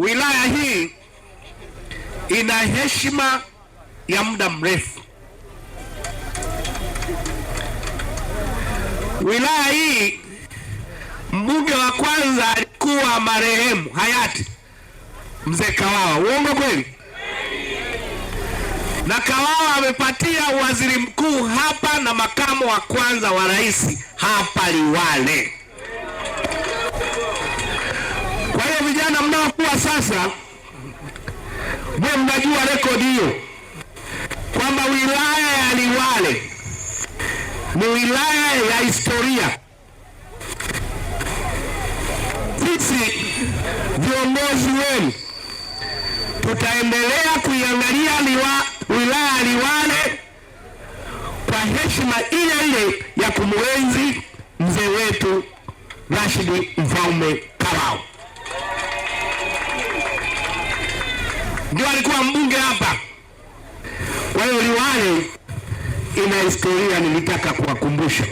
Wilaya hii ina heshima ya muda mrefu. Wilaya hii mbunge wa kwanza alikuwa marehemu hayati mzee Kawawa. Uongo kweli? Na Kawawa amepatia waziri mkuu hapa na makamu wa kwanza wa rais hapa Liwale. vijana mnaokuwa sasa, mwe mnajua rekodi hiyo kwamba wilaya ya Liwale ni wilaya ya historia. Sisi viongozi wenu tutaendelea kuiangalia wilaya ya Liwale kwa heshima ile ile ya kumwenzi mzee wetu Rashidi Mfaume. Kwa hiyo Liwale ina historia, nilitaka kuwakumbusha.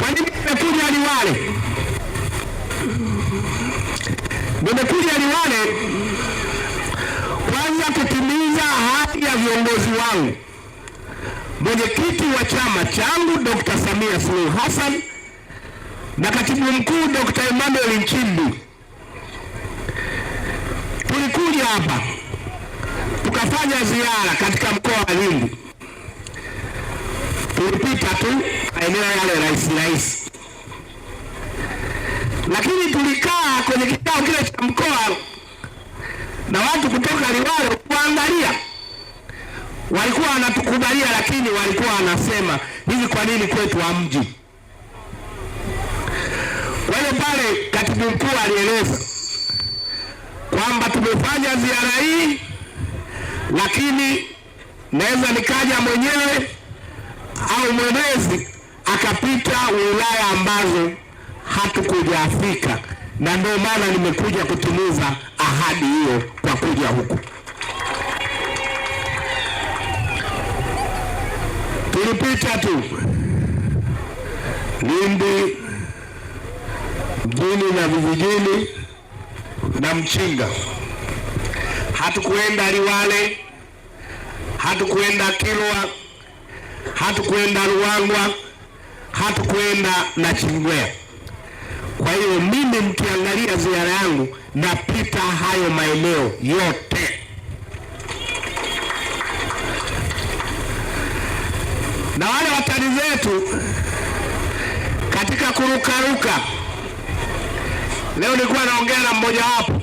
Kwa nini nimekuja Liwale? Nimekuja Liwale kwanza kutimiza ahadi ya viongozi wangu, mwenyekiti wa chama changu Dr. Samia Suluhu Hassan na katibu mkuu Dr. Emmanuel Nchimbi. Tulikuja hapa Tulifanya ziara katika mkoa wa Lindi, tulipita tu maeneo yale rahisi rahisi, lakini tulikaa kwenye kikao kile cha mkoa na watu kutoka Liwale kuangalia, walikuwa wanatukubalia, lakini walikuwa wanasema hivi, kwa nini kwetu wa Kwa hiyo pale katibu mkuu alieleza kwamba tumefanya ziara hii lakini naweza nikaja mwenyewe au mwenezi akapita wilaya ambazo hatukujafika, na ndio maana nimekuja kutimiza ahadi hiyo kwa kuja huku. Tulipita tu Lindi mjini na vijijini na Mchinga, hatukuenda Liwale hatukwenda Kilwa, hatukwenda Ruangwa, hatukwenda Nachingwea. Kwa hiyo mimi, mkiangalia ziara yangu, napita hayo maeneo yote na wale watani zetu katika kurukaruka. Leo nilikuwa naongea na mmoja wapo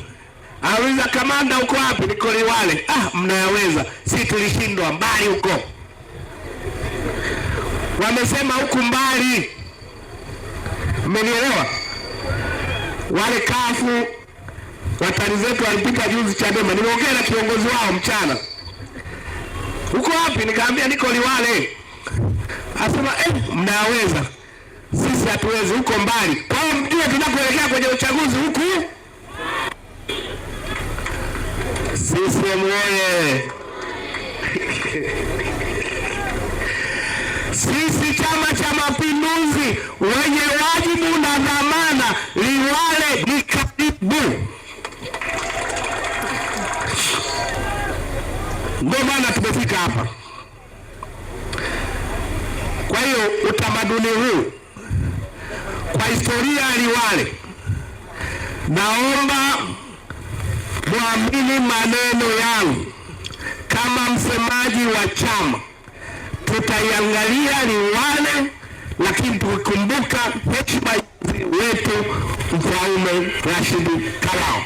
Auliza kamanda, uko wapi? Niko Liwale. Ah, mnayaweza, si tulishindwa mbali huko. Wamesema huku mbali, mmenielewa? Wale kafu watani zetu walipita juzi Chadema, nimeongea na kiongozi wao mchana, uko wapi? Nikaambia niko Liwale. Asema eh, mnayaweza, sisi hatuwezi, huko mbali. Kwa hiyo mjue tunakuelekea kwenye uchaguzi huku CCM oye! Sisi Chama cha Mapinduzi wenye wajibu na dhamana, Liwale ni karibu, ndio maana tumefika hapa. Kwa hiyo utamaduni huu kwa historia ya Liwale naomba Mwamini maneno yangu kama msemaji wa chama, tutaiangalia Liwale, lakini tukikumbuka heshima wetu Mfaume Rashidi Kalao.